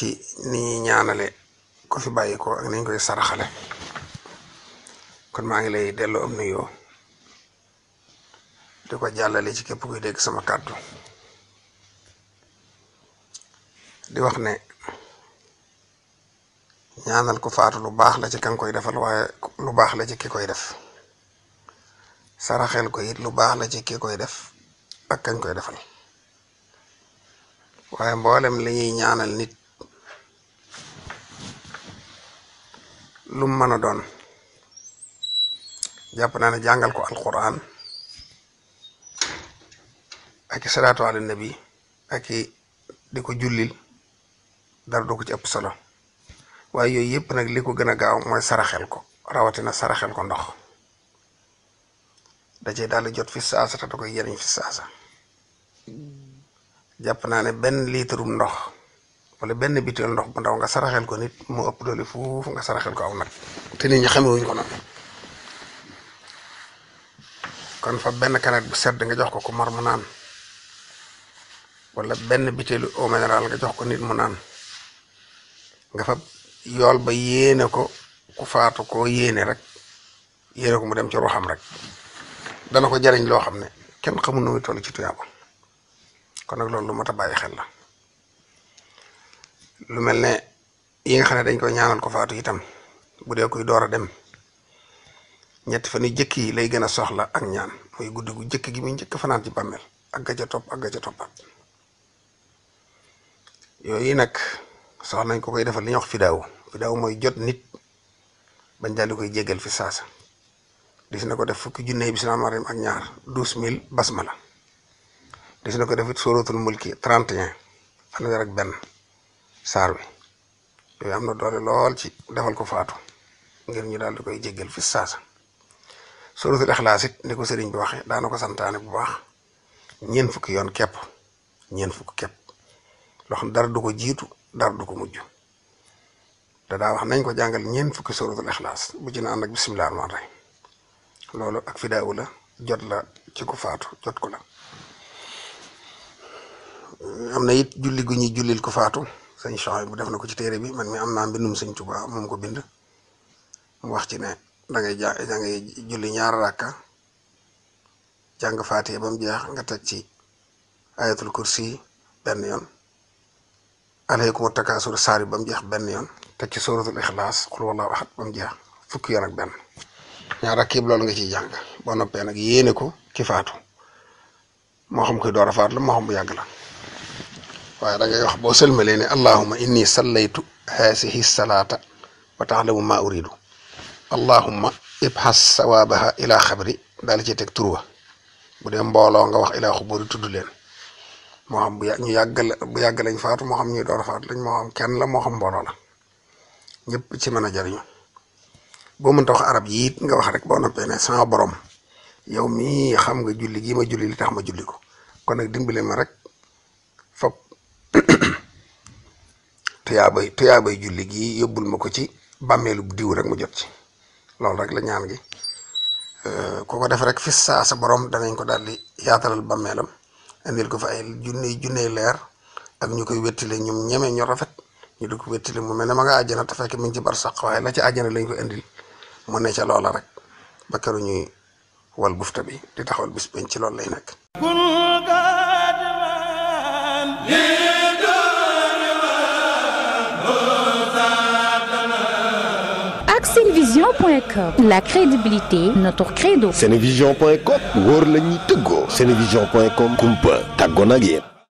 ci ni ñaanale ku fi bàyyi ko ak ni koy saraxale kon maa ngi lay delloo am nuyoo di ko jàllale ci képp kuy dégg sama kàddu di wax ne ñaanal ko faatu lu baax la ci kan koy defal waaye lu baax la ci ki koy def saraxel ko it lu baax la ci ki koy def ak kañ koy defal waaye mboolem li ñaanal nit lu mu mën a doon jàpp naa ne jàngal ko alquran ak i salaatu ala nabi ak i di ko jullil dara du ci ëpp solo waaye yooyu yëpp nag li ko gën a gaaw mooy saraxel ko rawatina saraxel ko ndox da cee daal jot fi saasa te da koy fi saasa jàpp naa ne benn liitarum ndox wala benn bitéel ndox bu ndaw nga saraxel ko nit mu ëpp doole fuufu nga saraxel ko aw nag te nit ñi xamewuñ ko nag kon fa benn canette bu nga jox ko ku mar mu naan benn bitéelu eau minérale nga jox ko nit mu naan nga fa ba yéene ko ku faatu koo yéene rek yéene ko mu dem ci ruuxam rek dana ko jariñ loo xam ne kenn xamul nu muy toll nag loolu lu mat a bàyyi xel la lu melne yi nga xamne dañ ko ñaanal ko faatu itam bu de koy doora dem ñetti fa ni jëkk lay gëna soxla ak ñaan muy gudd gu jëkk gi muy njëkk fanaat ci bammel ak gaja top ak gaja ca toppaat yooyu nag soxla nañ ko koy defal li ñox fi wax fi fidaaw moy jot nit bañ dal koy jéggel fi saasa dis na ko def fukki jinne bi salaam alayhim ak ñaar 12000 basmala dis na ko def suratul mulki 31 fanweer rek ben saar wi yooyu am na doole lool ci defal ko faatu ngir ñu daal di koy jéggal fi saasa suratul ixlaas it ni ko sëriñ bi waxee daana ko santaane bu baax ñeen fukki yoon kepp ñeen fukki kepp loo dara du ko jiitu dara du ko mujj te daa wax nañ ko jàngal ñeen fukki suratul ixlaas bu ci na ànd ak bisimilah rahmaan rahim loolu la jot faatu jot ko la am na it julli gu jullil ko faatu sëñ Chouaib bu def na ko ci téere bi man mi am naa mbindum sëñ Tuubaa moom ko bind mu wax ci ne dangay ja julli ñaar rakka jàng faatiha ba mu jeex nga teg ci ayatul kursi benn yoon aleykum takaasur ba mu jeex benn yoon teg ci suratul ixlaas xul wallaahu ahad ba jeex fukki yoon ak benn ñaar rakk yëpp loolu nga ciy jàng boo noppee nag yéene ko ki faatu moo xam koy door a faatu la moo xam bu yàgg la waaye da ngay wax boo sëlmalee ne allahuma inni sallaytu haasihi salaata wa taalamu ma uridu allahuma ibxas sawaabaha ila xabri daal ci teg turwa bu dee mbooloo nga wax ilaa xuburi tudd leen moo xam bu ñu yàgg la bu yàgg lañ faatu moo xam ñuy door faatu lañ moo xam kenn la moo xam mbooloo la ñëpp ci mën a jariñu boo mënta wax arab yi it nga wax rek boo noppee ne sama borom yow mii xam nga julli gii ma julli li tax ma julli ko kon nag dimbale ma rek tuyaabay tuyaabay julli gi yobul mako ci bamelu diiw rek mu jot ci rek la ñaan gi euh koko def rek fis sa borom danañ ko daldi di yaatalal bamelam indil ko fa ay junne junne leer ak ñukoy wettile ñum ñame ñu rafet ñu duk wettile mu mel ma nga aljana ta fekk min ci bar sax way la ci aljana lañ ko andil mu ne ci loola rek bakaru ñuy wal bufta bi di taxawal bis ben ci lay nak vision.com la crédibilité notre credo Cinevision.com, world to Togo. Sénévision.com, kumpa